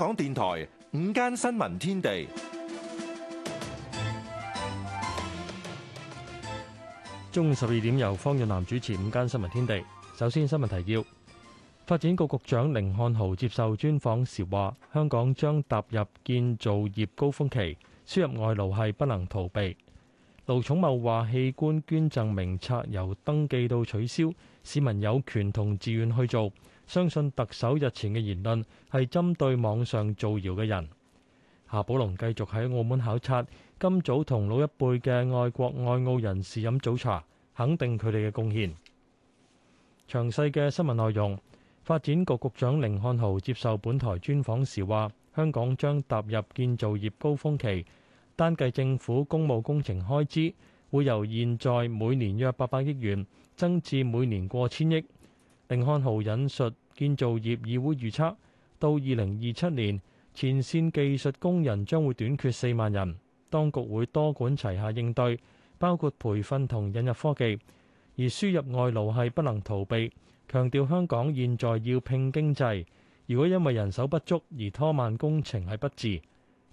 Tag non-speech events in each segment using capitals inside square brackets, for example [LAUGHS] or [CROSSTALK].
港電台午間新聞天地，中午十二點由方潤南主持午間新聞天地。首先新聞提要，發展局局長甯漢豪接受專訪時話，香港將踏入建造業高峰期，輸入外勞係不能逃避。盧寵茂話，器官捐贈名冊由登記到取消，市民有權同自願去做。相信特首日前嘅言論係針對網上造謠嘅人。夏寶龍繼續喺澳門考察，今早同老一輩嘅愛國愛澳人士飲早茶，肯定佢哋嘅貢獻。詳細嘅新聞內容，發展局局長寧漢豪接受本台專訪時話，香港將踏入建造業高峯期，單計政府公務工程開支，會由現在每年約八百億元，增至每年過千億。甯漢豪引述建造業議會預測到二零二七年前線技術工人將會短缺四萬人。當局會多管齊下應對，包括培訓同引入科技，而輸入外勞係不能逃避，強調香港現在要拼經濟，如果因為人手不足而拖慢工程係不智，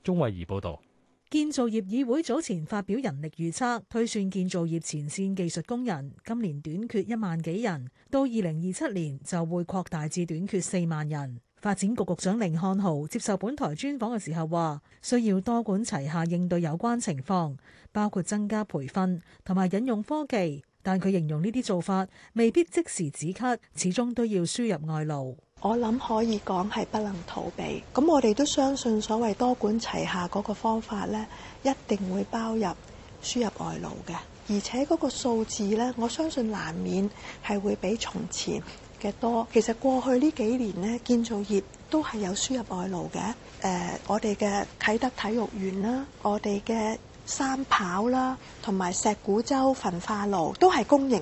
鍾慧儀報道。建造業議會早前發表人力預測，推算建造業前線技術工人今年短缺一萬幾人，到二零二七年就會擴大至短缺四萬人。發展局局長甯漢豪接受本台專訪嘅時候話，需要多管齊下應對有關情況，包括增加培訓同埋引用科技。但佢形容呢啲做法未必即時止咳，始終都要輸入外勞。我諗可以講係不能逃避，咁我哋都相信所謂多管齊下嗰個方法呢，一定會包入輸入外勞嘅，而且嗰個數字呢，我相信難免係會比從前嘅多。其實過去呢幾年呢，建造業都係有輸入外勞嘅。誒、呃，我哋嘅啟德體育園啦，我哋嘅三跑啦，同埋石鼓洲焚化爐都係公營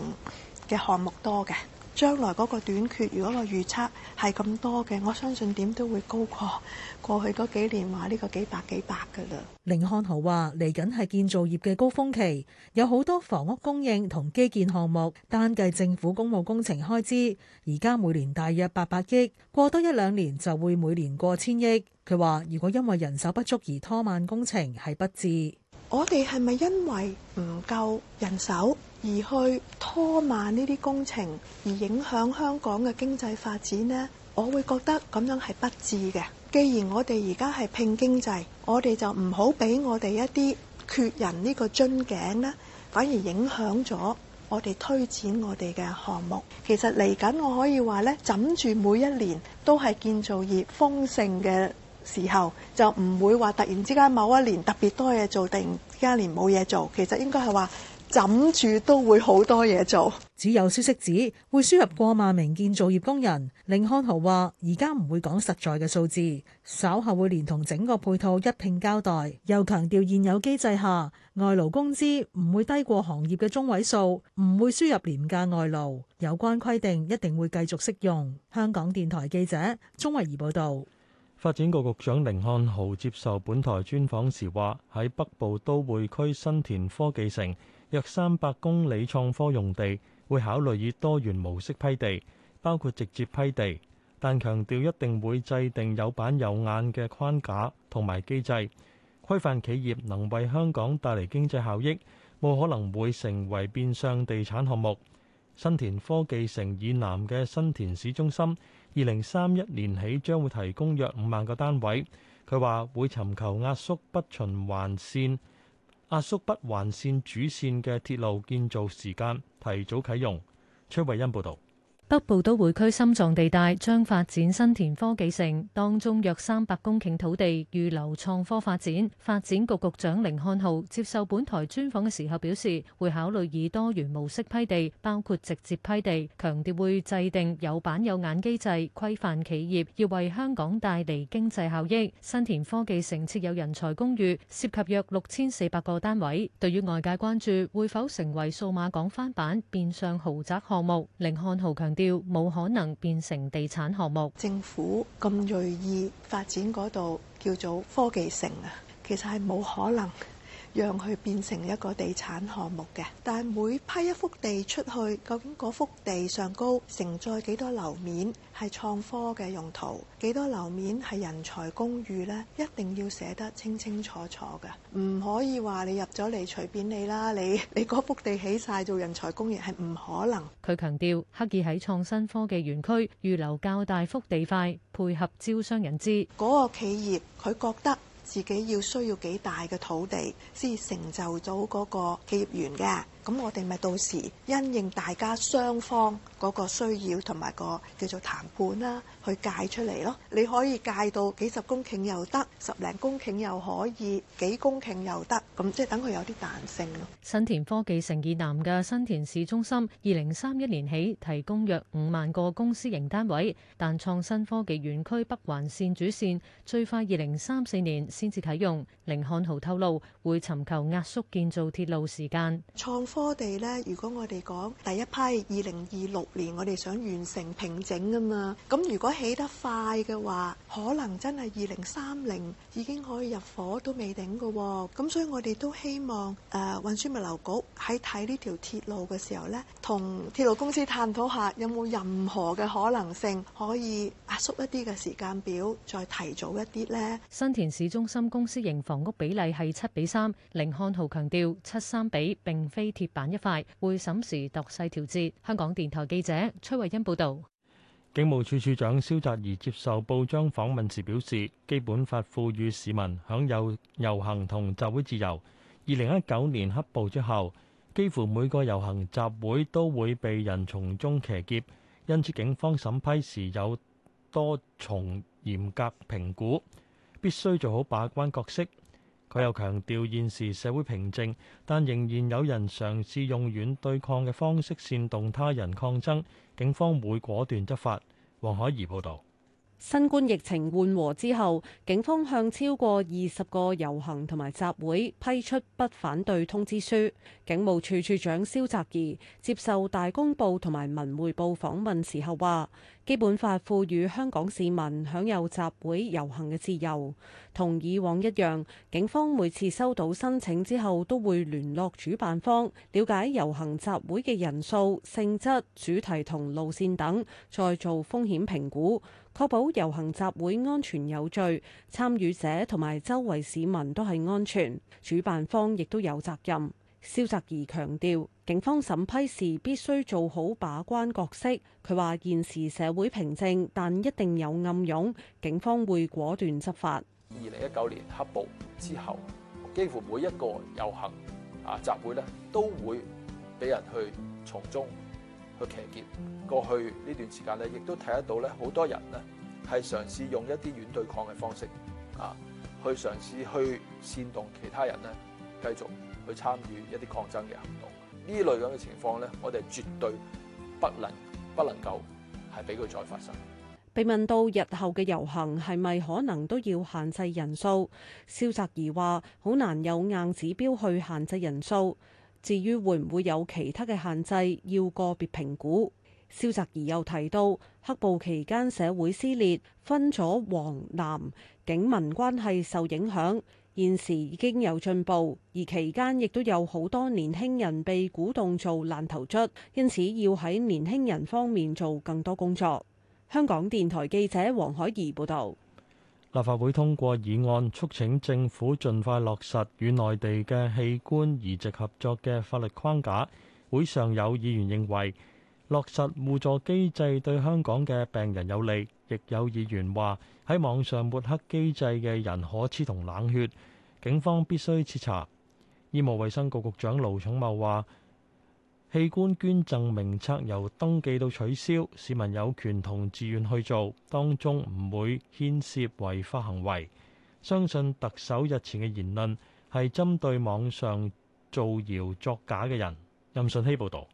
嘅項目多嘅。將來嗰個短缺，如果個預測係咁多嘅，我相信點都會高過過去嗰幾年話呢個幾百幾百㗎喇。凌漢豪話：嚟緊係建造業嘅高峰期，有好多房屋供應同基建項目。單計政府公務工程開支，而家每年大約八百億，過多一兩年就會每年過千億。佢話：如果因為人手不足而拖慢工程，係不智。我哋係咪因為唔夠人手而去拖慢呢啲工程，而影響香港嘅經濟發展呢？我會覺得咁樣係不智嘅。既然我哋而家係拼經濟，我哋就唔好俾我哋一啲缺人呢個樽頸啦，反而影響咗我哋推展我哋嘅項目。其實嚟緊，我可以話呢，枕住每一年都係建造業豐盛嘅。時候就唔會話突然之間某一年特別多嘢做，定，而家年冇嘢做。其實應該，係話枕住都會好多嘢做。只有消息指會輸入過萬名建造業工人，甯漢豪話而家唔會講實在嘅數字，稍後會連同整個配套一併交代。又強調現有機制下外勞工資唔會低過行業嘅中位數，唔會輸入廉價外勞有關規定一定會繼續適用。香港電台記者鍾慧儀報道。發展局局長甯漢豪接受本台專訪時話：喺北部都會區新田科技城約三百公里創科用地，會考慮以多元模式批地，包括直接批地，但強調一定會制定有板有眼嘅框架同埋機制，規範企業能為香港帶嚟經濟效益，冇可能會成為變相地產項目。新田科技城以南嘅新田市中心。二零三一年起將會提供約五萬個單位。佢話會尋求壓縮北循環線，壓縮北環線主線嘅鐵路建造時間，提早啟用。崔慧欣報道。北部都會區心臟地帶將發展新田科技城，當中約三百公頃土地預留創科發展。發展局局長凌漢豪接受本台專訪嘅時候表示，會考慮以多元模式批地，包括直接批地，強調會製定有板有眼機制，規範企業要為香港帶嚟經濟效益。新田科技城設有人才公寓，涉及約六千四百個單位。對於外界關注會否成為數碼港翻版，變相豪宅項目，凌漢豪強調。冇可能變成地產項目，政府咁銳意發展嗰度叫做科技城啊，其實係冇可能。讓佢變成一個地產項目嘅，但係每批一幅地出去，究竟嗰幅地上高，承載幾多樓面係創科嘅用途，幾多樓面係人才公寓呢？一定要寫得清清楚楚嘅，唔可以話你入咗嚟隨便你啦，你你嗰幅地起晒做人才公寓係唔可能。佢強調，刻意喺創新科技園區預留較大幅地塊，配合招商引資。嗰個企業佢覺得，自己要需要幾大嘅土地先成就到嗰個企業園嘅。咁我哋咪到時因應大家雙方嗰個需要同埋個叫做談判啦，去界出嚟咯。你可以界到幾十公頃又得，十零公頃又可以，幾公頃又得，咁即係等佢有啲彈性咯。新田科技城以南嘅新田市中心，二零三一年起提供約五萬個公私營單位，但創新科技園區北環線主線最快二零三四年先至啟用。凌漢豪透露會尋求壓縮建造鐵路時間。創科地咧，如果我哋講第一批二零二六年，我哋想完成平整啊嘛。咁如果起得快嘅話，可能真係二零三零已經可以入伙都未定噶。咁所以我哋都希望誒運輸物流局喺睇呢條鐵路嘅時候咧，同鐵路公司探討下有冇任何嘅可能性可以壓縮一啲嘅時間表，再提早一啲咧。新田市中心公私營房屋比例係七比三，甯漢豪強調七三比並非鐵。版一塊會審時度勢調節。香港電台記者崔慧欣報道。警務處處長蕭澤怡接受報章訪問時表示，基本法賦予市民享有遊行同集會自由。二零一九年黑暴之後，幾乎每個遊行集會都會被人從中騎劫，因此警方審批時有多重嚴格評估，必須做好把關角色。佢又強調，現時社會平靜，但仍然有人嘗試用軟對抗嘅方式煽動他人抗爭，警方會果斷執法。黃海怡報導。新冠疫情緩和之後，警方向超過二十個遊行同埋集會批出不反對通知書。警務處處長蕭澤頤接受大公報同埋文匯報訪問時候話。基本法賦予香港市民享有集會遊行嘅自由，同以往一樣，警方每次收到申請之後，都會聯絡主辦方，了解遊行集會嘅人數、性質、主題同路線等，再做風險評估，確保遊行集會安全有序，參與者同埋周圍市民都係安全，主辦方亦都有責任。蕭澤頤強調。警方審批時必須做好把關角色。佢話：現時社會平靜，但一定有暗湧，警方會果斷執法。二零一九年黑暴之後，幾乎每一個遊行啊集會咧，都會俾人去從中去騎劫。過去呢段時間咧，亦都睇得到咧，好多人咧係嘗試用一啲軟對抗嘅方式啊，去嘗試去煽動其他人咧繼續去參與一啲抗爭嘅行動。呢類咁嘅情況呢，我哋絕對不能不能夠係俾佢再發生。被問到日後嘅遊行係咪可能都要限制人數，蕭澤頤話好難有硬指標去限制人數。至於會唔會有其他嘅限制，要個別評估。蕭澤頤又提到黑暴期間社會撕裂分，分咗黃藍，警民關係受影響。現時已經有進步，而期間亦都有好多年輕人被鼓動做爛頭卒，因此要喺年輕人方面做更多工作。香港電台記者黃海怡報道。立法會通過議案，促請政府盡快落實與內地嘅器官移植合作嘅法律框架。會上有議員認為，落實互助機制對香港嘅病人有利，亦有議員話喺網上抹黑機制嘅人可恥同冷血，警方必須徹查。醫務衛生局局長盧寵茂話器官捐贈名冊由登記到取消，市民有權同自願去做，當中唔會牽涉違法行為，相信特首日前嘅言論，係針對網上造謠作假嘅人。任順希報道。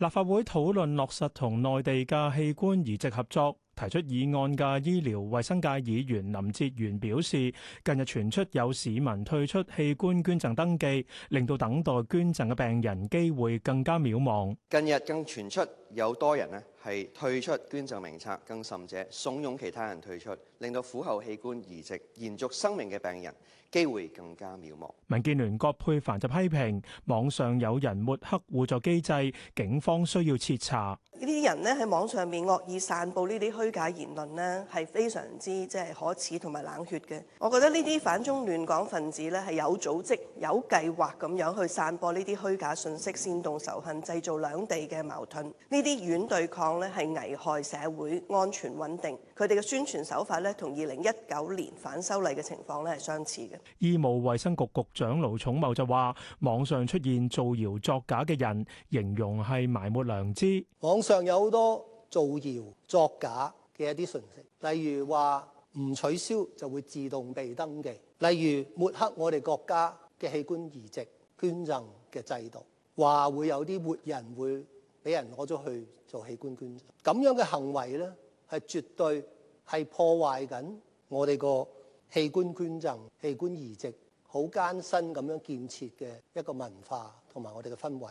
立法會討論落實同內地嘅器官移植合作，提出議案嘅醫療衛生界議員林哲元表示，近日傳出有市民退出器官捐贈登記，令到等待捐贈嘅病人機會更加渺茫。近日更傳出。有多人呢係退出捐贈名冊，更甚者慫恿其他人退出，令到苦候器官移植延續生命嘅病人機會更加渺茫。民建聯郭佩凡就批評網上有人抹黑互助機制，警方需要徹查呢啲人呢喺網上面惡意散佈呢啲虛假言論呢，係非常之即係可恥同埋冷血嘅。我覺得呢啲反中亂港分子呢係有組織有計劃咁樣去散播呢啲虛假信息，煽動仇恨，製造兩地嘅矛盾。呢啲軟對抗咧，係危害社會安全穩定。佢哋嘅宣傳手法咧，同二零一九年反修例嘅情況咧係相似嘅。醫務衛生局局長盧寵茂就話，網上出現造謠作假嘅人，形容係埋沒良知。網上有好多造謠作假嘅一啲信息，例如話唔取消就會自動被登記，例如抹黑我哋國家嘅器官移植捐贈嘅制度，話會有啲活人會，俾人攞咗去做器官捐贈，咁樣嘅行為呢，係絕對係破壞緊我哋個器官捐贈、器官移植好艱辛咁樣建設嘅一個文化同埋我哋嘅氛圍。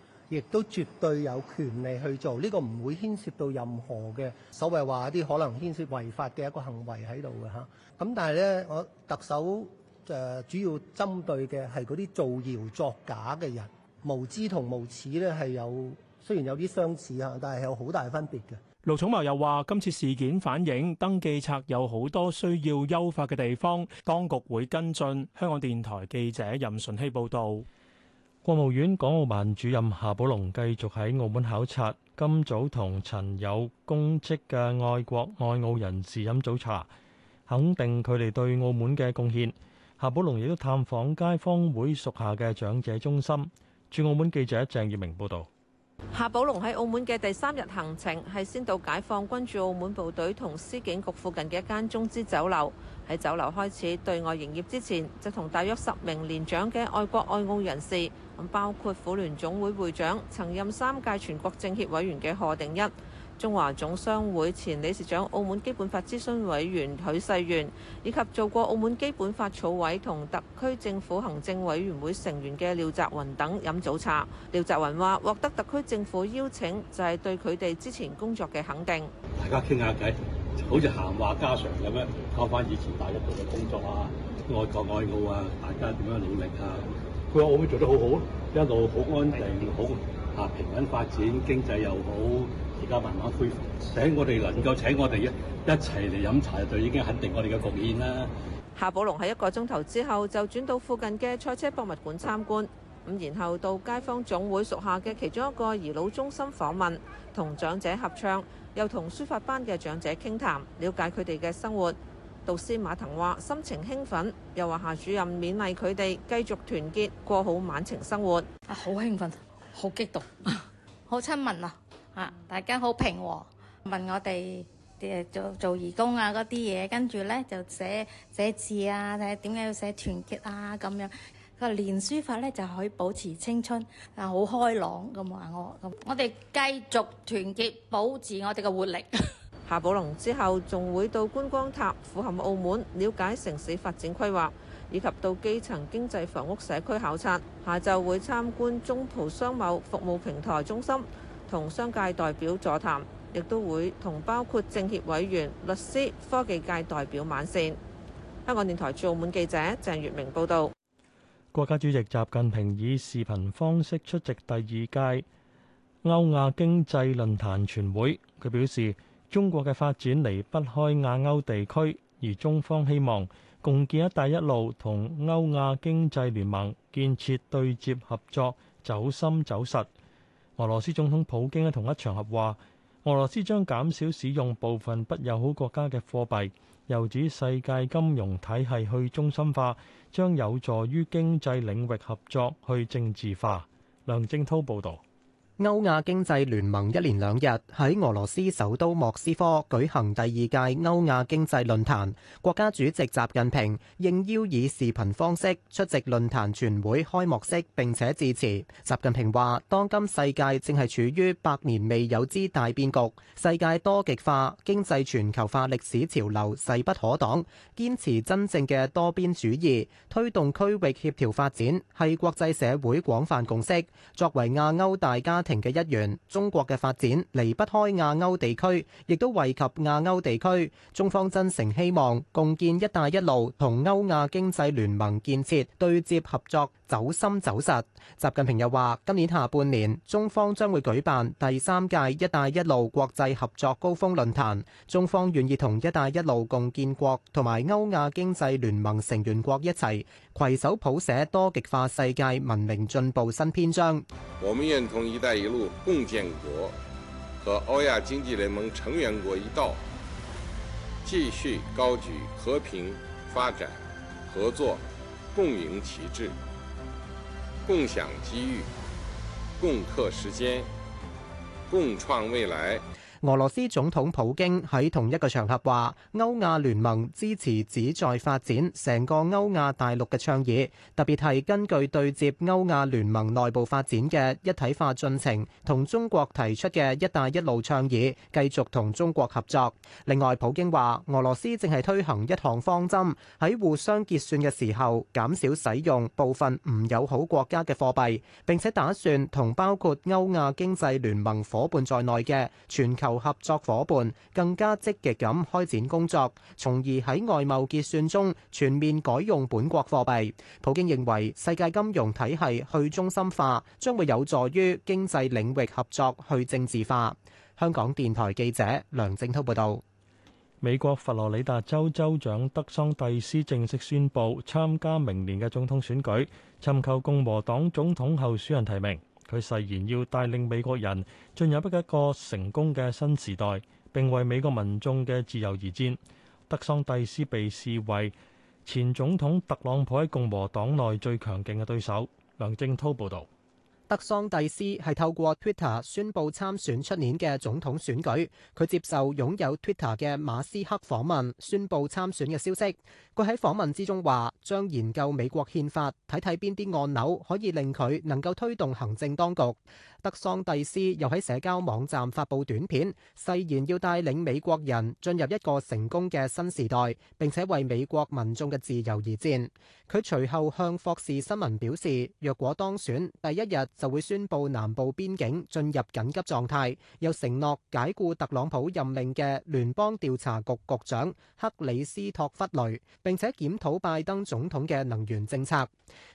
亦都絕對有權利去做，呢個唔會牽涉到任何嘅所謂話一啲可能牽涉違法嘅一個行為喺度嘅嚇。咁但係咧，我特首誒主要針對嘅係嗰啲造謠作假嘅人，無知同無恥咧係有雖然有啲相似啊，但係有好大分別嘅。盧寵茂又話：今次事件反映登記冊有好多需要優化嘅地方，當局會跟進。香港電台記者任順熙報導。國務院港澳辦主任夏寶龍繼續喺澳門考察，今早同曾有公職嘅愛國愛澳人士飲早茶，肯定佢哋對澳門嘅貢獻。夏寶龍亦都探訪街坊會屬下嘅長者中心。駐澳門記者鄭月明報導。夏寶龍喺澳門嘅第三日行程係先到解放軍駐澳門部隊同司警局附近嘅一間中資酒樓。喺酒樓開始對外營業之前，就同大約十名年長嘅愛國愛澳人士。包括婦聯總會會長曾任三屆全國政協委員嘅賀定一、中華總商會前理事長、澳門基本法諮詢委員許世元，以及做過澳門基本法草委同特區政府行政委員會成員嘅廖澤雲等飲早茶。廖澤雲話：獲得特區政府邀請就係對佢哋之前工作嘅肯定。大家傾下偈好似閒話家常咁樣講翻以前大一做嘅工作啊，愛國愛澳啊，大家點樣努力啊。佢話：我會做得好好，一路好安定的好，啊平穩發展經濟又好，而家慢慢恢復。請我哋能夠請我哋一齊嚟飲茶，就已經肯定我哋嘅貢獻啦。夏寶龍喺一個鐘頭之後就轉到附近嘅賽車博物館參觀，咁然後到街坊總會屬下嘅其中一個兒老中心訪問，同長者合唱，又同書法班嘅長者傾談，了解佢哋嘅生活。導師馬騰話：心情興奮，又話夏主任勉勵佢哋繼續團結，過好晚晴生活。啊，好興奮，好激動，好 [LAUGHS] 親民啊！嚇、啊，大家好平和，問我哋做做義工啊嗰啲嘢，跟住呢就寫寫字啊，睇點解要寫團結啊咁樣。佢話練書法呢就可以保持青春，啊好開朗咁話我咁。我哋繼續團結，保持我哋嘅活力。 [LAUGHS] 夏寶龍之後，仲會到觀光塔俯瞰澳門，了解城市發展規劃，以及到基層經濟房屋社區考察。下晝會參觀中葡商貿服務平台中心，同商界代表座談，亦都會同包括政協委員、律師、科技界代表晚線。香港電台駐澳門記者鄭月明報道：國家主席習近平以視頻方式出席第二屆歐亞經濟論壇全會，佢表示。中國嘅發展離不開亞歐地區，而中方希望共建「一帶一路」同歐亞經濟聯盟建設對接合作，走深走實。俄羅斯總統普京喺同一場合話，俄羅斯將減少使用部分不友好國家嘅貨幣，又指世界金融體系去中心化將有助於經濟領域合作去政治化。梁正滔報導。歐亞經濟聯盟一連兩日喺俄羅斯首都莫斯科舉行第二屆歐亞經濟論壇，國家主席習近平應邀以視頻方式出席論壇全會開幕式並且致辭。習近平話，當今世界正係處於百年未有之大變局，世界多極化、經濟全球化歷史潮流勢不可擋，堅持真正嘅多邊主義，推動區域協調發展，係國際社會廣泛共識。作為亞歐大家庭嘅一員，中國嘅發展離不開亞歐地區，亦都惠及亞歐地區。中方真誠希望共建「一帶一路」同歐亞經濟聯盟建設對接合作。走心走實。習近平又話：今年下半年，中方將會舉辦第三屆「一帶一路」國際合作高峰論壇。中方願意同「一帶一路」共建國同埋歐亞經濟聯盟成員國一齊攜手譜寫多極化世界文明進步新篇章。我們願同「一帶一路」共建國和歐亞經濟聯盟成員國一道，繼續高舉和平、發展、合作、共贏旗幟。共享機遇，共克時艱，共創未來。俄羅斯總統普京喺同一個場合話，歐亞聯盟支持旨在發展成個歐亞大陸嘅倡議，特別係根據對接歐亞聯盟內部發展嘅一體化進程，同中國提出嘅「一帶一路」倡議，繼續同中國合作。另外，普京話，俄羅斯正係推行一項方針，喺互相結算嘅時候減少使用部分唔友好國家嘅貨幣，並且打算同包括歐亞經濟聯盟伙伴在內嘅全球合作夥伴更加積極咁開展工作，從而喺外貿結算中全面改用本國貨幣。普京認為世界金融體系去中心化將會有助於經濟領域合作去政治化。香港電台記者梁正滔報道。美國佛羅里達州州長德桑蒂斯正式宣佈參加明年嘅總統選舉，尋求共和黨總統候選人提名。佢誓言要帶領美國人進入一個成功嘅新時代，並為美國民眾嘅自由而戰。德桑蒂斯被視為前總統特朗普喺共和黨內最強勁嘅對手。梁正濤報道。德桑蒂斯係透過 Twitter 宣布參選出年嘅總統選舉。佢接受擁有 Twitter 嘅馬斯克訪問，宣布參選嘅消息。佢喺訪問之中話：將研究美國憲法，睇睇邊啲按鈕可以令佢能夠推動行政當局。德桑蒂斯又喺社交網站發布短片，誓言要帶領美國人進入一個成功嘅新時代，並且為美國民眾嘅自由而戰。佢隨後向霍士新聞表示：若果當選，第一日，就會宣布南部邊境進入緊急狀態，又承諾解雇特朗普任命嘅聯邦調查局局長克里斯托弗雷，並且檢討拜登總統嘅能源政策。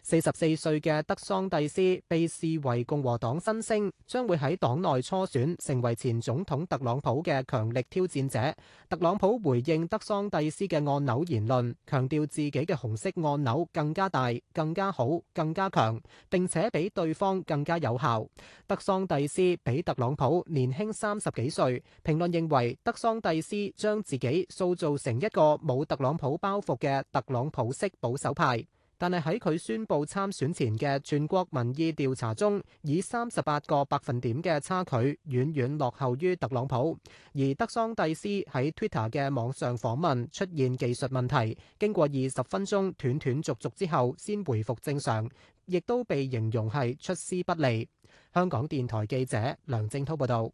四十四歲嘅德桑蒂斯被視為共和黨新星，將會喺黨內初選成為前總統特朗普嘅強力挑戰者。特朗普回應德桑蒂斯嘅按鈕言論，強調自己嘅紅色按鈕更加大、更加好、更加強，並且比對方。更加有效。德桑蒂斯比特朗普年輕三十幾歲，評論認為德桑蒂斯將自己塑造成一個冇特朗普包袱嘅特朗普式保守派，但係喺佢宣布參選前嘅全國民意調查中，以三十八個百分點嘅差距遠遠遠落後於特朗普。而德桑蒂斯喺 Twitter 嘅網上訪問出現技術問題，經過二十分鐘斷斷續續續之後先回復正常。亦都被形容係出師不利。香港電台記者梁正濤報道：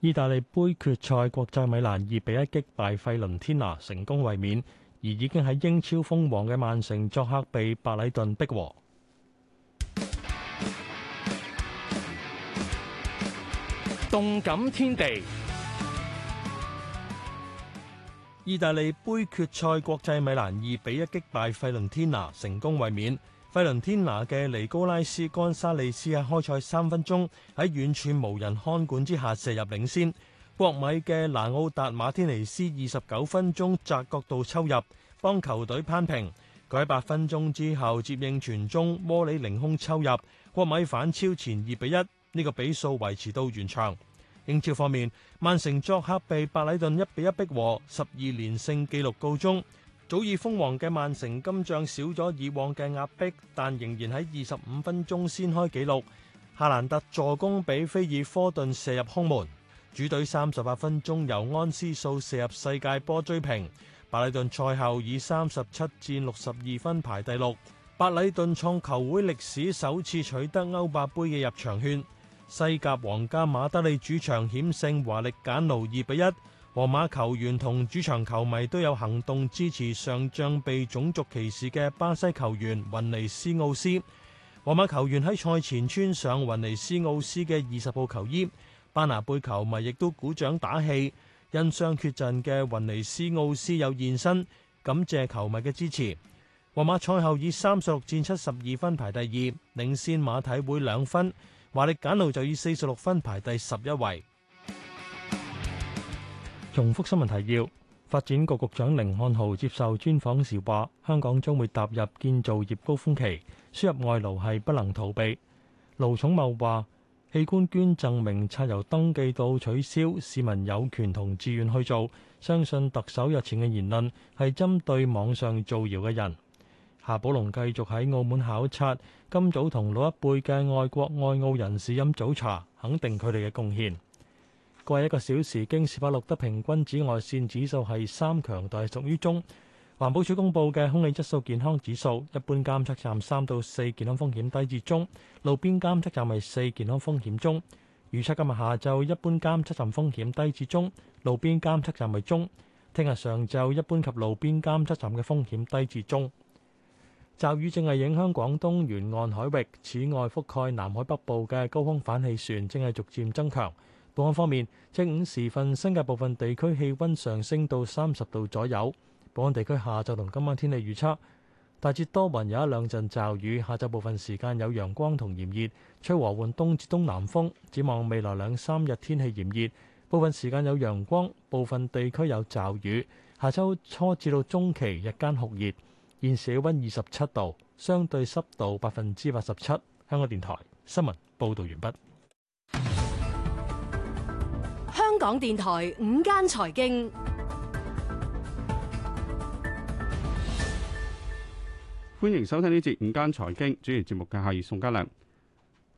意大利盃決賽，國際米蘭二比一擊敗費倫天拿，成功衛冕；而已經喺英超封王嘅曼城作客被白禮頓逼和。動感天地，意大利盃決賽，國際米蘭二比一擊敗費倫天拿，成功衛冕。費倫天拿嘅尼高拉斯干沙利斯喺開賽三分鐘喺遠處無人看管之下射入領先，國米嘅拿奧達馬天尼斯二十九分鐘窄角度抽入幫球隊攀平，佢喺八分鐘之後接應傳中，摩里凌空抽入，國米反超前二比一，呢個比數維持到完場。英超方面，曼城作客被白里頓一比一逼和，十二連勝紀錄告終。早已封王嘅曼城金像少咗以往嘅壓迫，但仍然喺二十五分鐘先開紀錄，夏蘭特助攻俾菲爾科頓射入空門。主隊三十八分鐘由安斯素射入世界波追平。白禮頓賽後以三十七戰六十二分排第六。白禮頓創球會歷史首次取得歐霸盃嘅入場券。西甲皇家馬德里主場險勝華力簡奴二比一。1, 皇馬球員同主場球迷都有行動支持上仗被種族歧視嘅巴西球員雲尼斯奧斯。皇馬球員喺賽前穿上雲尼斯奧斯嘅二十號球衣，班拿貝球迷亦都鼓掌打氣。因傷缺陣嘅雲尼斯奧斯有現身，感謝球迷嘅支持。皇馬賽後以三十六戰七十二分排第二，領先馬體會兩分。華力簡奴就以四十六分排第十一位。重複新聞提要。發展局局長甯漢豪接受專訪時話：香港將會踏入建造業高峰期，輸入外勞係不能逃避。盧寵茂話：器官捐贈名冊由登記到取消，市民有權同志願去做。相信特首日前嘅言論係針對網上造謠嘅人。夏寶龍繼續喺澳門考察，今早同老一輩嘅愛國愛澳人士飲早茶，肯定佢哋嘅貢獻。過一個小時，京士柏錄得平均紫外線指數係三，強度係屬於中。環保署公布嘅空氣質素健康指數，一般監測站三到四健康風險低至中，路邊監測站係四健康風險中。預測今日下晝一般監測站風險低至中，路邊監測站係中。聽日上晝一般及路邊監測站嘅風險低至中。驟雨正係影響廣東沿岸海域，此外覆蓋南海北部嘅高空反氣旋正係逐漸增強。本港方面，正午時分，新界部分地區氣溫上升到三十度左右。本港地區下晝同今晚天氣預測，大致多雲，有一兩陣驟雨。下晝部分時間有陽光同炎熱，吹和緩東至東南風，展望未來兩三日天氣炎熱，部分時間有陽光，部分地區有驟雨。下周初至到中期日間酷熱，現時氣温二十七度，相對濕度百分之八十七。香港電台新聞報道完畢。港電台午間財經，歡迎收聽呢節午間財經，主持節目嘅係宋嘉良。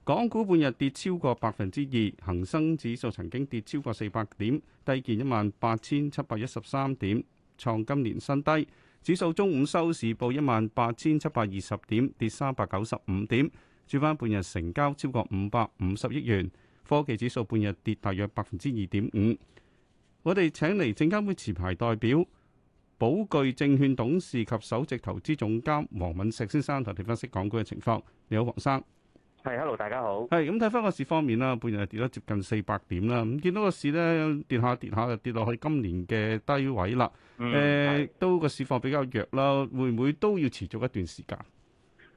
港股半日跌超過百分之二，恒生指數曾經跌超過四百點，低見一萬八千七百一十三點，創今年新低。指數中午收市報一萬八千七百二十點，跌三百九十五點。轉翻半日成交超過五百五十億元。科技指數半日跌大約百分之二點五，我哋請嚟證監會持牌代表、寶具證券董事及首席投資總監黃敏石先生，同你分析港股嘅情況。你好，黃生。係，hello，大家好。係，咁睇翻個市方面啦，半日係跌咗接近四百點啦。咁見到個市呢，跌下跌下就跌落去今年嘅低位啦。誒，都個市況比較弱啦，會唔會都要持續一段時間？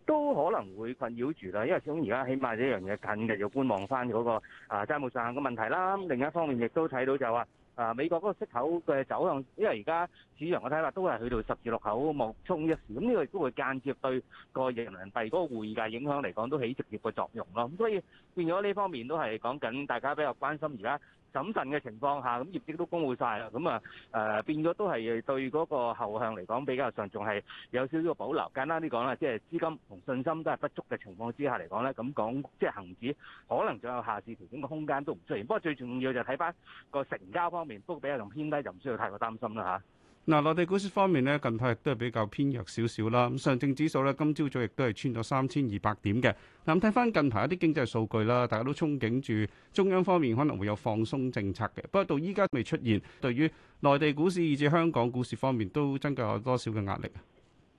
都可能會困擾住啦，因為始終而家起碼呢樣嘢近嘅要觀望翻、那、嗰個啊債務上限嘅問題啦。另一方面亦都睇到就話啊美國嗰個息口嘅走向，因為而家市場嘅睇法都係去到十字路口，望沖一時，咁呢個亦都會間接對個人民幣嗰個匯價影響嚟講都起直接嘅作用咯。咁所以變咗呢方面都係講緊大家比較關心而家。審慎嘅情況下，咁業績都公布晒啦，咁啊誒變咗都係對嗰個後向嚟講比較上仲係有少少保留。簡單啲講啦，即係資金同信心都係不足嘅情況之下嚟講咧，咁講即係恒指可能仲有下市調整嘅空間都唔出現。不過最重要就睇翻個成交方面，不過比較同偏低，就唔需要太過擔心啦吓。啊嗱，內、啊、地股市方面咧，近排亦都係比較偏弱少少啦。咁上證指數咧，今朝早亦都係穿咗三千二百點嘅。咁睇翻近排一啲經濟數據啦，大家都憧憬住中央方面可能會有放鬆政策嘅，不過到依家都未出現。對於內地股市以至香港股市方面，都增加有多少嘅壓力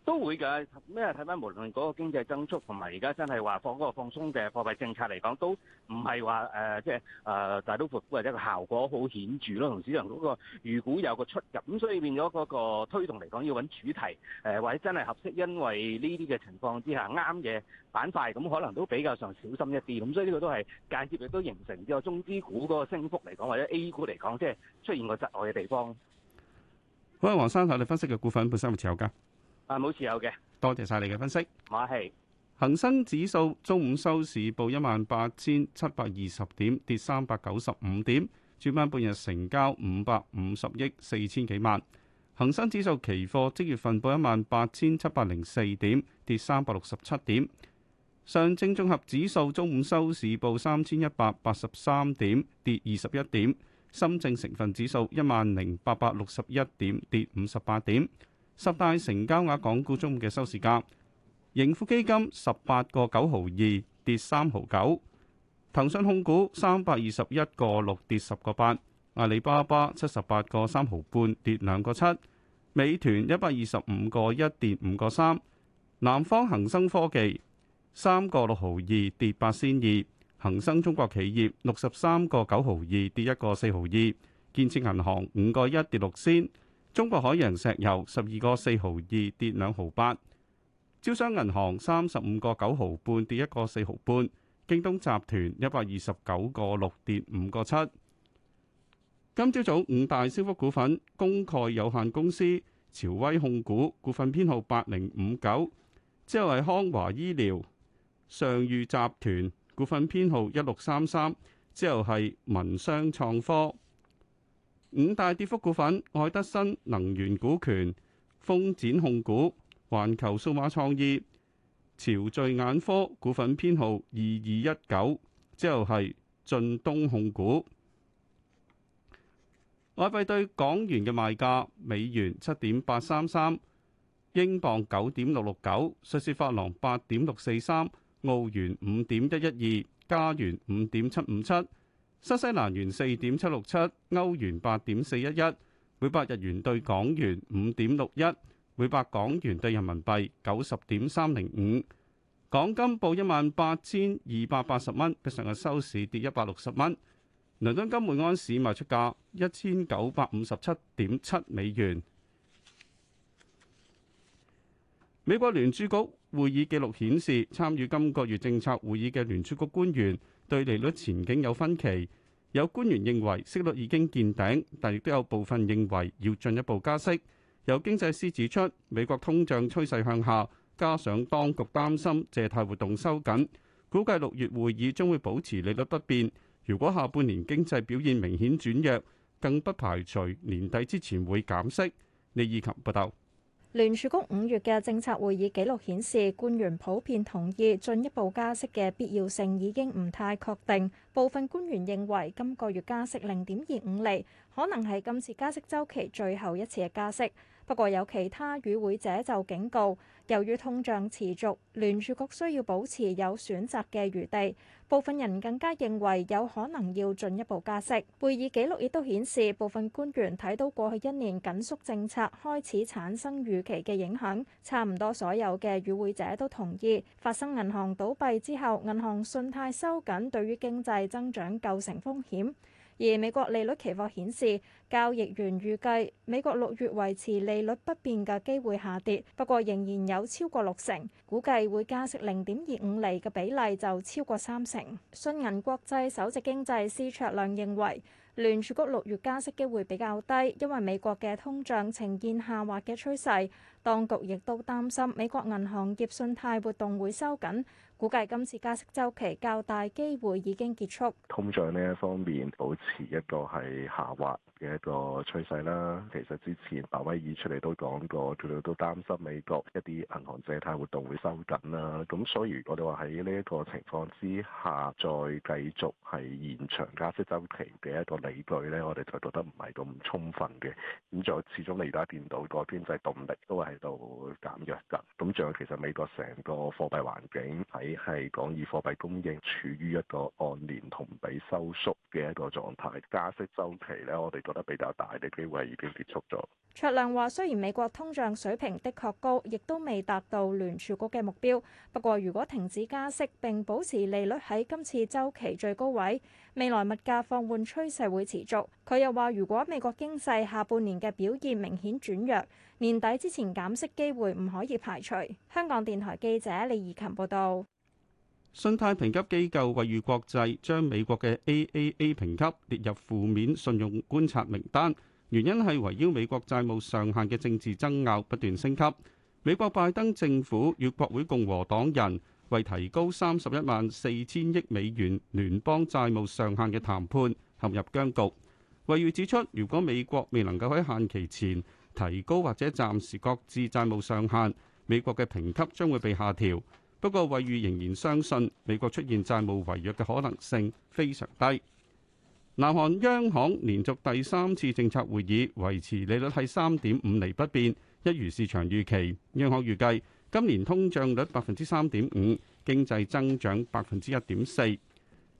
都會㗎，咩睇翻？無論嗰個經濟增速同埋而家真係話放嗰個放鬆嘅貨幣政策嚟講，都唔係話誒，即係誒、呃、大刀闊斧或者個效果好顯著咯。同市場嗰個如果有個出入，咁所以變咗嗰個推動嚟講，要揾主題，誒、呃、或者真係合適，因為呢啲嘅情況之下啱嘅板塊，咁可能都比較上小心一啲。咁所以呢個都係間接亦都形成，即係中資股嗰個升幅嚟講，或者 A 股嚟講，即係出現個窒礙嘅地方。好，阿黃生同你分析嘅股份，本身係持有噶？啊，冇持有嘅。多謝晒你嘅分析。馬戲恒生指數中午收市報一萬八千七百二十點，跌三百九十五點。轉翻半日成交五百五十億四千幾萬。恒生指數期貨即月份報一萬八千七百零四點，跌三百六十七點。上證綜合指數中午收市報三千一百八十三點，跌二十一點。深證成分指數一萬零八百六十一點，跌五十八點。十大成交額港股中午嘅收市價，盈富基金十八個九毫二跌三毫九，騰訊控股三百二十一個六跌十個八，阿里巴巴七十八個三毫半跌兩個七，美團一百二十五個一跌五個三，南方恒生科技三個六毫二跌八仙二，恒生中國企業六十三個九毫二跌一個四毫二，建設銀行五個一跌六仙。中國海洋石油十二個四毫二跌兩毫八，招商銀行三十五個九毫半跌一個四毫半，京東集團一百二十九個六跌五個七。今朝早五大升幅股份，公蓋有限公司、朝威控股股份編號八零五九，之後係康華醫療、上裕集團股份編號一六三三，之後係民商創科。五大跌幅股份：愛德新能源股權、豐展控股、環球數碼創意、潮聚眼科股份編號二二一九，之後係晉東控股。外幣對港元嘅賣價：美元七點八三三，英鎊九點六六九，瑞士法郎八點六四三，澳元五點一一二，加元五點七五七。新西蘭元四點七六七，歐元八點四一一，每百日元兌港元五點六一，每百港元兌人民幣九十點三零五。港金報一萬八千二百八十蚊，比上日收市跌一百六十蚊。倫敦金每盎司賣出價一千九百五十七點七美元。美國聯儲局會議記錄顯示，參與今個月政策會議嘅聯儲局官員，對利率前景有分歧，有官員認為息率已經見頂，但亦都有部分認為要進一步加息。有經濟師指出，美國通脹趨勢向下，加上當局擔心借貸活動收緊，估計六月會議將會保持利率不變。如果下半年經濟表現明顯轉弱，更不排除年底之前會減息。李意勤報道。聯儲局五月嘅政策會議記錄顯示，官員普遍同意進一步加息嘅必要性已經唔太確定。部分官員認為，今個月加息零點二五厘可能係今次加息週期最後一次嘅加息。不過有其他與會者就警告，由於通脹持續，聯儲局需要保持有選擇嘅餘地。部分人更加認為有可能要進一步加息。會議記錄亦都顯示，部分官員睇到過去一年緊縮政策開始產生預期嘅影響，差唔多所有嘅與會者都同意，發生銀行倒閉之後，銀行信貸收緊對於經濟增長構成風險。而美國利率期貨顯示，交易員預計美國六月維持利率不變嘅機會下跌，不過仍然有超過六成，估計會加息零點二五厘嘅比例就超過三成。信銀國際首席經濟師卓亮認為，聯儲局六月加息機會比較低，因為美國嘅通脹呈現下滑嘅趨勢，當局亦都擔心美國銀行業信貸活動會收緊。估計今次加息周期較大機會已經結束，通脹呢一方面保持一個係下滑嘅一個趨勢啦，其實之前鮑威爾出嚟都講過，佢哋都擔心美國一啲銀行借貸活動會收緊啦，啊。咁所以我哋話喺呢一個情況之下，再繼續係延長加息周期嘅一個理據咧，我哋就覺得唔係咁充分嘅。咁就始終你而家見到個經濟動力都喺度減弱㗎。咁仲有其實美國成個貨幣環境喺係講以貨幣供應處於一個按年同比收縮嘅一個狀態，加息周期咧我哋。得比較大的機會已經結束咗。卓亮話：雖然美國通脹水平的確高，亦都未達到聯儲局嘅目標。不過，如果停止加息並保持利率喺今次週期最高位，未來物價放緩趨勢會持續。佢又話：如果美國經濟下半年嘅表現明顯轉弱，年底之前減息機會唔可以排除。香港電台記者李怡琴報道。信貸評級機構惠譽國際將美國嘅 AAA 評級列入負面信用觀察名單，原因係圍繞美國債務上限嘅政治爭拗不斷升級。美國拜登政府與國會共和黨人為提高三十一萬四千億美元聯邦債務上限嘅談判陷入僵局。惠譽指出，如果美國未能夠喺限期前提高或者暫時擱置債務上限，美國嘅評級將會被下調。不過，惠譽仍然相信美國出現債務違約嘅可能性非常低。南韓央行連續第三次政策會議維持利率係三點五厘不變，一如市場預期。央行預計今年通脹率百分之三點五，經濟增長百分之一點四。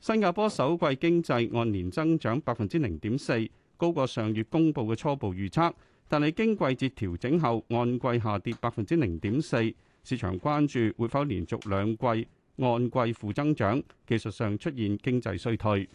新加坡首季經濟按年增長百分之零點四，高過上月公布嘅初步預測，但係經季節調整後按季下跌百分之零點四。市場關注會否連續兩季按季負增長，技術上出現經濟衰退。